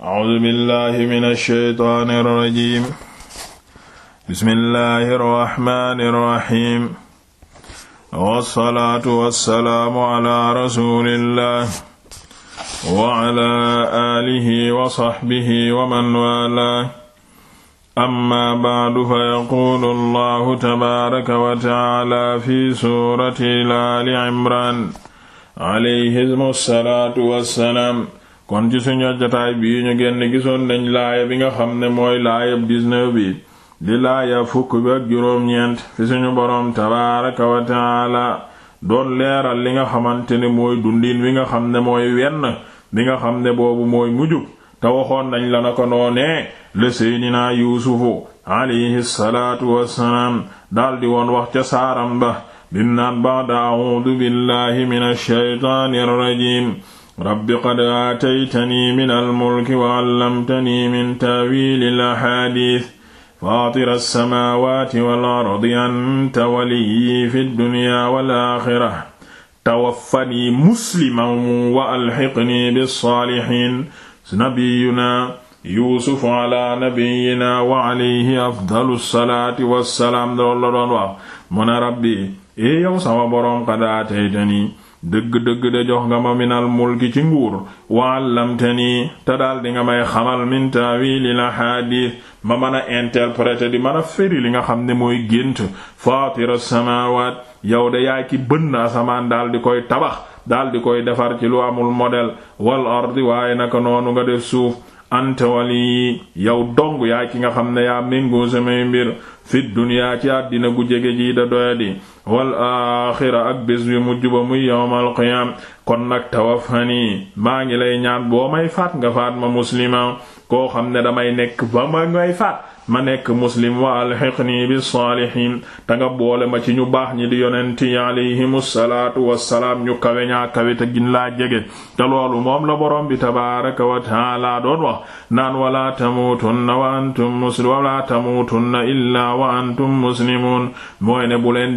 A'uuzu billaahi mina shaytaani rajiim. Bismillaahi rahmaani rahiim. Wassalaatu wassalaamu alaa rasuulillaah wa alaa aalihi wa sahbihi wa man waalaah. Ammaa ba'du fa yaquulu Allaahu tabaaraka wa ta'aalaa fi suurati Aali Imraan alayhi salaatu wassalaam kon ci suñu jotaay bii ñu génn gisoon nañ laaya bi nga xam ne mooy laayab 19 bi di laaya fukk bi ak juróom-ñeent fi suñu boroom tabaaraka wa doon leeral li nga xamante ne mooy dundin wi nga xam ne mooy wenn bi nga xam ne boobu mooy mujjug te waxoon nañ la na ko noonee le seydinaa yuusufu alayhi salaatu wassalaam daldi woon wax ca saaram ba bim naan ba'da a'uudu billahi minash shaytaanir rajiim rabbi qad aataytanii min almulki wa allamtanii min taawiili alaxaadiis faatira alsamaawaati wal ardi anta waliyyi fi dduniya wal aaxira tawaffanii musliman wa alxiqnii bissaalixiin nabiyuna yuusufu ala nabiyina wa alayhi afdalu salaati wassalaam loolu la doon wax mu ne rabbi ee yow sama boroom qad aataytanii dëgg-dëgg de jox nga ma minal mulki ci nguur wàllamtani te daal di nga may xamal min taawilil ahaadiis ma mën a interpréter di mën a firi li nga xam ne mooy gént faatira samaawaat yow de yaay ki bënn asamaan daal di koy tabax daal di koy defar ci lu amul modèle wal ardi waaye naka noonu nga def suuf anta wali yow dong yaay ki nga xam ne yaa méngoo samay mbir fi dunya ci àddina gu jege ji da doyadi wal aaxira ak bés bi mujj ba muy yawmal qiyaam kon nag tawaffani maa ngi lay ñaan boo may faat nga faat ma muslima koo xam ne damay nekk ba ma ngay faat ma nekk muslim wa alxiqnii bissaalihin te nga boole ma ci ñu baax ñi di yonent yi alayhimu salaatu wassalaam ñu kawe ñaa kawe te laa jege te loolu moom la borom bi tabaaraka wa taala doon wax naan walaa tamuutunna wa antum muslim walaa tamuutunna illaa wa antum muslimuun mooy ne bu leen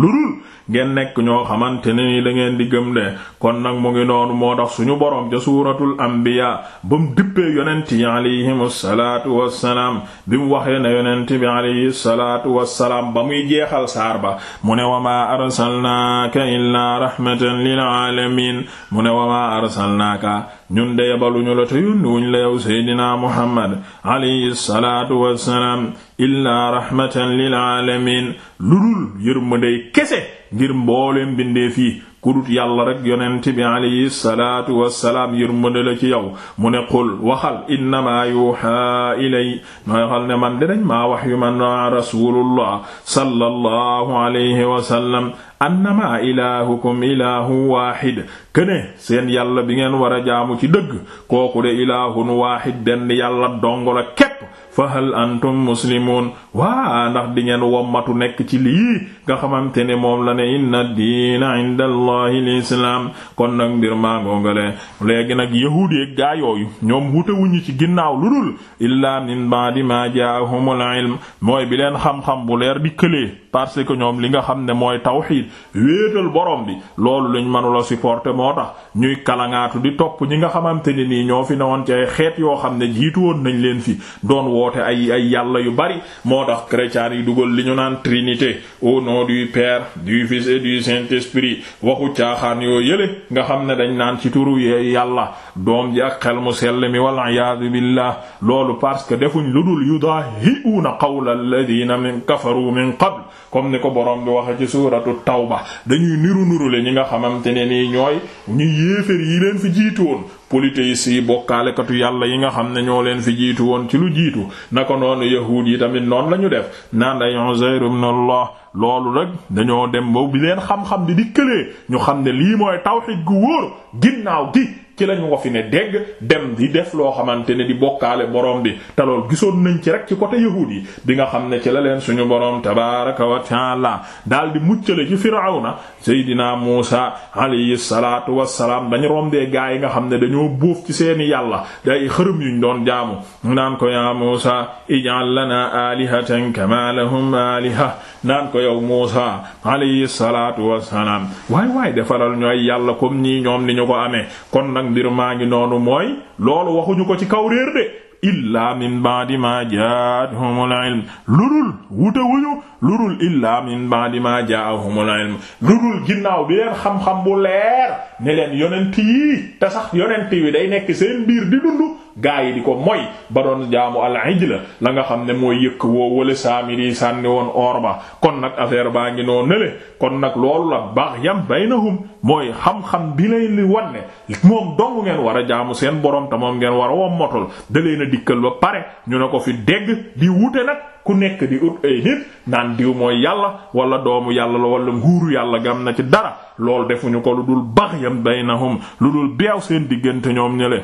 lu dul ngeen nekk ñoo xamante ne ni da ngeen di gëm de kon nag mu ngi noonu moo tax suñu boroom ja suuratul anbiya ba mu dippee yonent yi alayhim salaatu wassalaam bi mu waxee na yonent bi alayhi salaatu wassalaam ba muy jeexal saar ba mu ne wa maa arsalnaaka illaa rahmatan lil aalamiin mu ne wa maa arsalnaaka ñun de yabaluñu la te yónni wuñ la yow seydinaa muhammad alayhi salaatu wassalaam illaa rahmatan lil aalamiin lu dul yërmande kese ngir mbooleem bindee fii kudut yàlla rek yonent bi alayhi salaatu wassalaam yërmande la ci yow mu ne qul waxal innamaa yuhaa ilay waxal ne man dinañ maa wax yu man a rasulullah sallallahu alayhi wasallam annama ilahukum ilahu waahid kene seen yàlla bi ngeen war a jaamu ci dëgg kooku de ilahun waahid benn yàlla dong la képp fa hal antum muslimun waa ndax di ngeen wommatu nekk ci lii nga xamante ne moom la ne inna diina inda allahi lislaam kon nag mbir maa ngoongale léegi nag yahuud yi gaa yooyu ñoom wutewuñu ci ginnaaw lu dul illaa min ba'di ma jaa'ahumul ilm mooy bi leen xam-xam bu leer di këlee parce que ñoom li nga xam ne mooy tawxiid wéetal borom bi loolu luñ mënula supporter moo tax ñuy kalangaatu di topp ñi nga xamante ne nii ñoo fi newoon ci ay xeet yoo xam ne jiitu nañ leen fi doon woote ay ay yu bari moo tax chrétiens yi dugal li ñu naan trinité au nom du Père du Fils et du Saint-Esprit waxu caaxaan yoo yële nga xam ne dañ naan ci turu yàlla doom ji ak xel mu sell mi wal iyaadu billah loolu parce que defuñ lu dul yudaahi'uuna qawla alladina min kafaru min qabl comme ni ko borom bi waxe ci suuratu tawba dañuy niru nirule ñi nga xamante ne nii ñooy ñu yéefér yi leen fi jiitoon polythéistes yi bokkaalekatu yàlla yi nga xam ne ñoo leen fi jiitu woon ci lu jiitu naka noonu yahuud yi tamit noon la ñu def naan ay Uzayr ibn Allah loolu rek dañoo dem ba bi leen xam-xam di dikkalee ñu xam ne lii mooy tawhid gu wóor ginnaaw gi ci lañu ko fi ne dégg dem di def loo xamante ne di bokkaale boroom bi te lool gisoon nañ ci rek ci côté yahuud yi bi nga xam ne ci la leen suñu borom tabaaraka wa taala daal di muccale ci Firawna Seydina Muusa alayhi salaatu wassalaam dañu rombee gaa yi nga xam ne dañoo buuf ci seeni yàlla day xërëm yuñ doon jaamu naan ko yaa Muusa ij'al lana alihatan kama aliha nan ko yow Muusa alayhi salaatu wassalaam waay waay defaral ñu ay yàlla kom nii ñoom ni ko amee kon nag mbir maa ngi noonu mooy loolu waxuñu ko ci kaw réer de illaa min ba'di ma jaa'ahumul ilm lurul wute wuñu lurul illaa min ba'di ma jaa'ahumul ilm lurul ginnaaw bi leen xam-xam bu leer ne leen yonent yi te sax yonent yi day nekk seen biir di dund gaa yi di ko moy ba doon jaamu al ijla la nga xam ne mooy yëkk woo wala saamiri sànni woon oor ba kon nag affaire baa ngi noo nele kon nag loolu la yam na baynahum mooy xam-xam bi lay li wanne moom dong ngeen war a jaamu seen borom te moom ngeen war a wommatul da leen na dikkal ba pare ñu ne ko fi dégg di wute nag ku nekk di ut ay nit naan diw mooy yàlla wala doomu yàlla la walla nguuru yàlla gam na ci dara loolu defuñu ko lu dul baxyam baynahum lu dul beew seen diggante ñoom ñële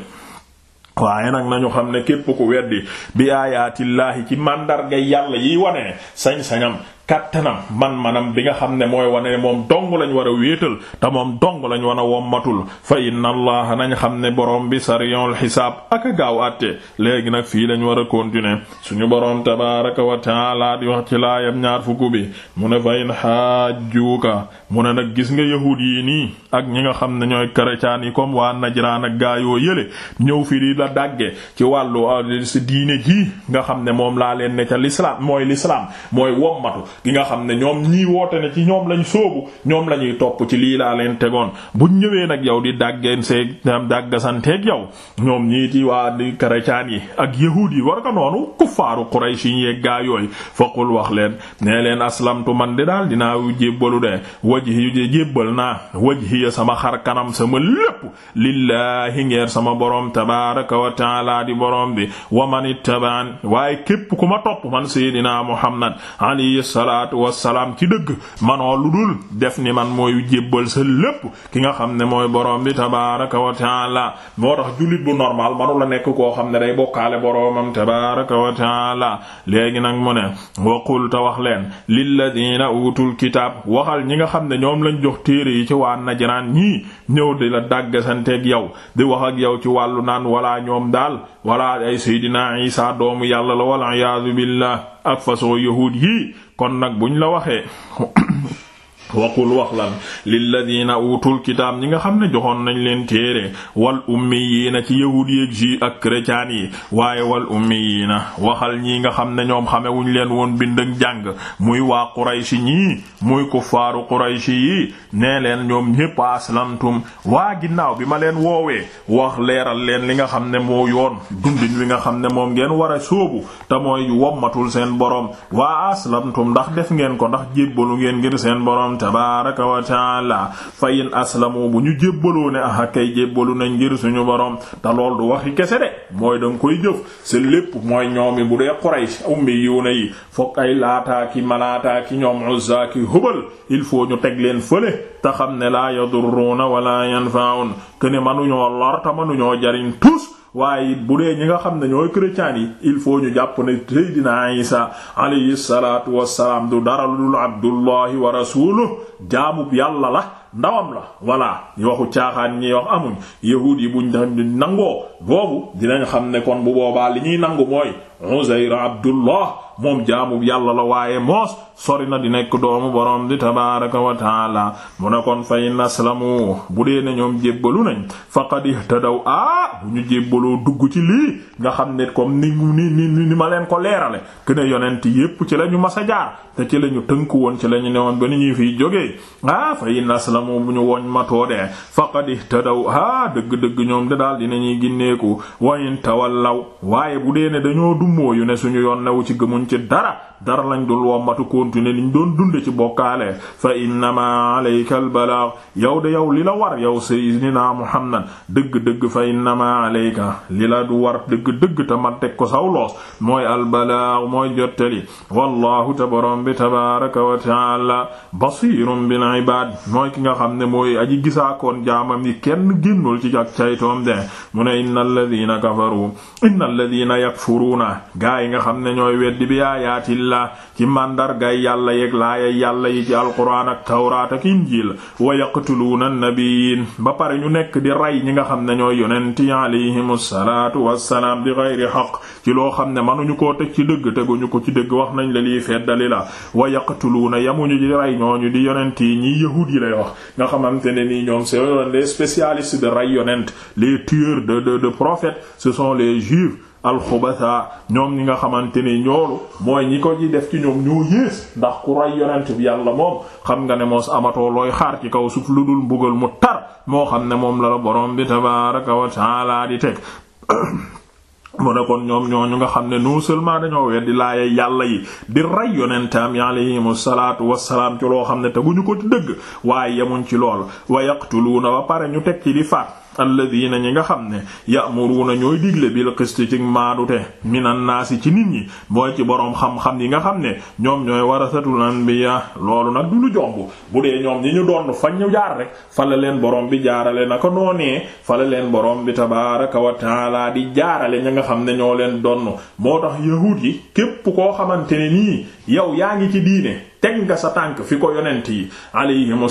waaye nag nañu xam ne képp ko weddi bi aayaatillaahi ci màndarga yàlla yiy wane sañ-sañam kattanam man manam bi nga xam ne mooy wane moom dong lañ war a wéetal te moom dong lañu war a wommatul fa inna allah nañ xam ne boroom bi sariyul xisaab ak a gaaw àtte léegi nag fii lañ war a continuer suñu borom tabaaraka wa taala di wax ci laayam ñaar fukk bi mu ne fa in xaajuuka mu ne nag gis nga yahuud yi nii ak ñi nga xam ne ñooy chrétien yi comme waa najraan ak gaayoo yële ñëw fi di la dàgge ci wàllu ah, si diine ji nga xam ne moom laa leen ne ca l'islam mooy l'islam mooy wommatu gi xam ne ñoom ñii woote ne ci ñoom lañ sóobu ñoom la ñuy topp ci lii laa leen tegoon buñ ñëwee nag yow di dàggeen see dàggasanteeg yow ñoom ñii ci waa di chrétien yi ak yahuud yi war ko noonu kuffaaru Quraysh yi yeeg gaa yooyu foqul wax leen nee leen aslamtu man de daal dinaa jébbalu de wajhi jébbal naa wajhiya sama xar kanam sama lépp lillaahi ngeer sama borom tabaaraka wa taala di borom bi wa man waaye képp ku ma topp man sayidina Muhammad alayhi salaatu wassalaam ci dëgg manoo lu dul def ni man mooy jébbal sa lépp ki nga xam ne mooy borom bi tabaaraka wa taala moo tax jullit bu normal manu la nekk koo xam ne day bokkaale boromam tabaaraka wa taala léegi nag mu ne waqul ta wax leen lilladiina utul kitaab waxal ñi nga xam ne ñoom lañ jox téere yi ci waa najraan ñii ñëw di la dàggasanteeg yow di wax ak yow ci wàllu naan walaa ñoom daal wala ay seydina isa doomu yàlla la wal iyaadu billah ak façon yahuud yi kon nag buñ la waxe waqul wax lan lilladina utul kitaab ñi nga xam ne joxoon nañ leen téere wal ummiyiina ci yahuud yeeg ju ak chrétien yi waaye wal ummiyiina waxal ñi nga xam ne ñoom xamewuñ leen woon bind ak jàng muy waa qurayshi ñii muy kuffaaru qurayshi yi nee leen ñoom ñépp aslamtum waa ginnaaw bi ma leen woowee wax leeral leen li nga xam ne moo yoon dundin wi nga xam ne moom ngeen war a sóobu te mooy wommatul seen borom waa aslamtum ndax def ngeen ko ndax jébbalu ngeen ngir seen tabaaraka wa taala fa in aslamu bu ñu jébbaloo ne ah kay jébbalu na ngir suñu borom te lool du waxi kese de mooy da nga koy jëf sa lépp mooy ñoomi bu dee Quraysh ummi yiw na yi fokk ay laataa ki ñoom Uzza ki il faut ñu teg leen fële ta xam ne laa yadurruuna wala yanfa'un kene manuñoo lor te manuñoo jariñ tus waaye it bu dee ñi nga xam ne ñooy chrétiens yi il faut ñu jàpp ne Seydina Isa alayhi salaatu wassalaam du dara lu abdullahi wa rasuluhu jaamub yàlla la ndawam la voilà waxu caaxaan ñi wax amuñ yahuud yi buñ nangoo boobu dinañ xam ne kon bu boobaa li ñuy nangu mooy Uzayr abdullah moom jaamu yàlla la waaye moos sori na di nekk doomu borom di tabaaraka wa taala mu ne kon fay naslamu bu dee ne ñoom jébbalu nañ faqad ihtadaw ah bu ñu jébbaloo dugg ci lii nga xam ne comme ni ni ni ni ma leen ko leerale que ne yonent ci la ñu mas a jaar te ci la tënk woon ci la ñu newoon ba ni ñuy fiy jógee ah fay naslamu bu ñu woñ matoo dee faqad ihtadaw ah dëgg-dëgg ñoom de daal dinañuy ginneeku wayin tawallaw waaye bu dee ne dañoo dummóoyu ne suñu yoon ci gëmuñ ci dara dara lañ dul wommatu continuer liñ doon dunde ci bokkaale fa innama alayka al balagh yow de yow li la war yow sayyidina muhammad dëgg-dëgg fa innama alayka li la du war dëgg-dëgg te ma teg ko saw loos mooy al mooy jottali wallahu te borom bi tabaraka wa taala basirun bil ibad mooy ki nga xam ne mooy aji gisaakoon jaamam yi kenn génnul ci ak caytoom de mu ne innal kafaru innal ladina yakfuruna gaa nga xam ne ñooy weddi bi bi ayatillah ci màndargay yàlla yeeg laayay yàlla yi ci alquran ak tawraat ak injil wa yaqtuluuna nabiyin ba pare ñu nekk di rey ñi nga xam ne ñooy yonenti yi salaatu wassalaam bi gayri xaq ci loo xam ne manuñu koo teg ci dëgg teguñu ko ci dëgg wax nañ la lii feddali la wa yaqtuluuna yamuñu di rey ñooñu di yonent yi ñii yahuud yi lay wax nga xamante ne nii ñoom c'est les spécialistes de rey yonent les tueurs de de prophètes ce sont les juifs alxubasa ñoom ñi nga xamante ni ñoolu mooy ñi ko ci def ci ñoom ñoo yées ndax ku ray yonent bi yàlla moom xam nga ne moos amatoo looy xaar ci kaw suuf lu dul mbugal mu tar moo xam ne moom la la borom bi tabaaraka wa taala di teg mu ne kon ñoom ñoo ñu nga xam ne non seulement dañoo weddi laaya yàlla yi di rey yonentam yi alayhimu salaatu salaam ci loo xam ne ñu ko ci dëgg waaye yemuñ ci lool wa yaqtuluuna ba pare ñu teg ci di faat alladina ñi nga xam ne na ñooy digle bil qist ci maadute minan naasi ci nit ñi mooy ci boroom xam-xam yi nga xam ne ñoom ñooy bi anbiya loolu nag du lu jomb bu dee ñoom ñi ñu doon fañ ñu jaar rek fa la leen boroom bi jaarale naka noonee fa la leen boroom bi tabaaraka wa taala di jaarale ña nga xam ne ñoo leen donn moo tax yahuud yi képp koo xamante ne nii yow yaa ngi ci diine teg nga sa tànk fi ko yonent yi alayhimu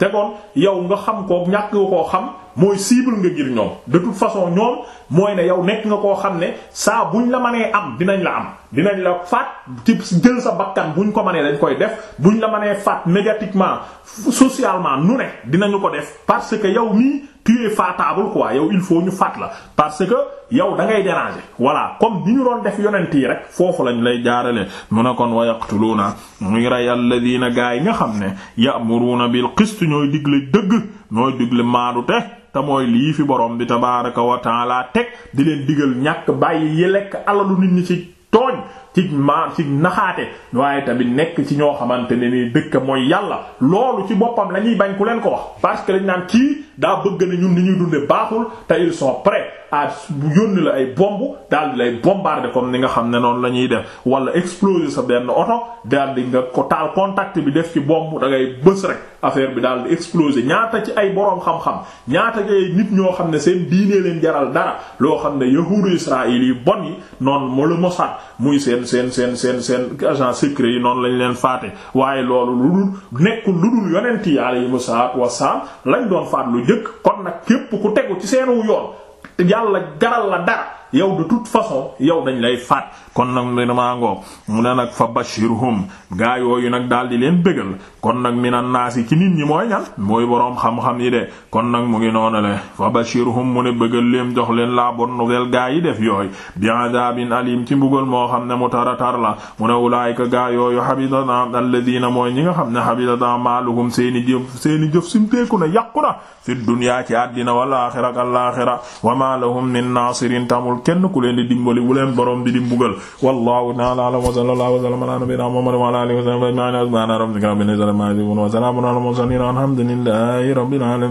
tegoon yow nga xam kook ñàkk nga koo xam mooy cible nga ngir ñoom de façon ñoom mooy ne yow nekk nga koo xam ne saa buñ la mënee am dinañ la am dinañ la faat ci jël sa bakkan buñ ko mënee dañ koy def buñ la mënee faat médiatiquement socialement nu ne dinañu ko def parce que yow mii tu es faatable quoi yow il faut ñu faat la parce que yow da ngay déranger voilà comme ni ñu doon def yonent yi rek foofu lañ lay jaarale mu ne kon wa yaqtuluuna muy rey alladina gaa yi nga xam ne ya'muruna bil qist ñooy digle dëgg ñooy digle maadu te te mooy lii fi borom bi tabaaraka wa taala teg di leen digal ñàkk bàyyi yi lekk alalu nit ci ma ci naxaate waaye tamit nekk ci ñoo xamante ne nii dëkk mooy yàlla loolu ci boppam la ñuy bañ ku leen ko wax parce dañ naan kii daa bëgg ne ñun ni ñu dundee baaxul te ils sont prêts à yónni la ay bomb daal di lay bombarder comme ni nga xam ne noonu la ñuy def wala exploser sa benn oto daal di nga ko taal contact bi def ci bomb da ngay bës rek affaire bi daal di exploser ñaata ci ay boroom xam-xam ñaata ci ay nit ñoo xam ne seen diine leen jaral dara loo xam ne yahudu Israël yi bon yi noonu moo la Mossad muy seen seen seen seen seen agent secret yi noonu lañ leen faate waaye loolu lu dul jëkk kon nag képp ku tegu ci seenu yoon yàlla garal la dara yow de toute façon yow dañ lay faat kon nag mi maa ngoog mu ne nag fa bashirhum gaa yooyu nag daal di leen bégal kon nag mi na naas yi ci nit ñi mooy ñan mooy boroom xam-xam yi de kon nag mu ngi noonu le fa bashirhum mu ne bëggal leen jox leen la bonne nouvelle gaa yi def yooyu bi adabin alim ci mbugal moo xam ne mu taratar la mu ne ulaayka gaa yooyu habitat alladina mooy ñi nga xam ne habitat amaluhum seeni jëf seeni jëf simteeku na yàqu na fi dunya ci àddina wal axira wa kenn ku di dimbali bu leen borom di di mbugal wallahu a'lam wa sallallahu wa sallama ala nabiyyina muhammadin wa ala alihi wa sahbihi ajma'in subhana rabbika rabbil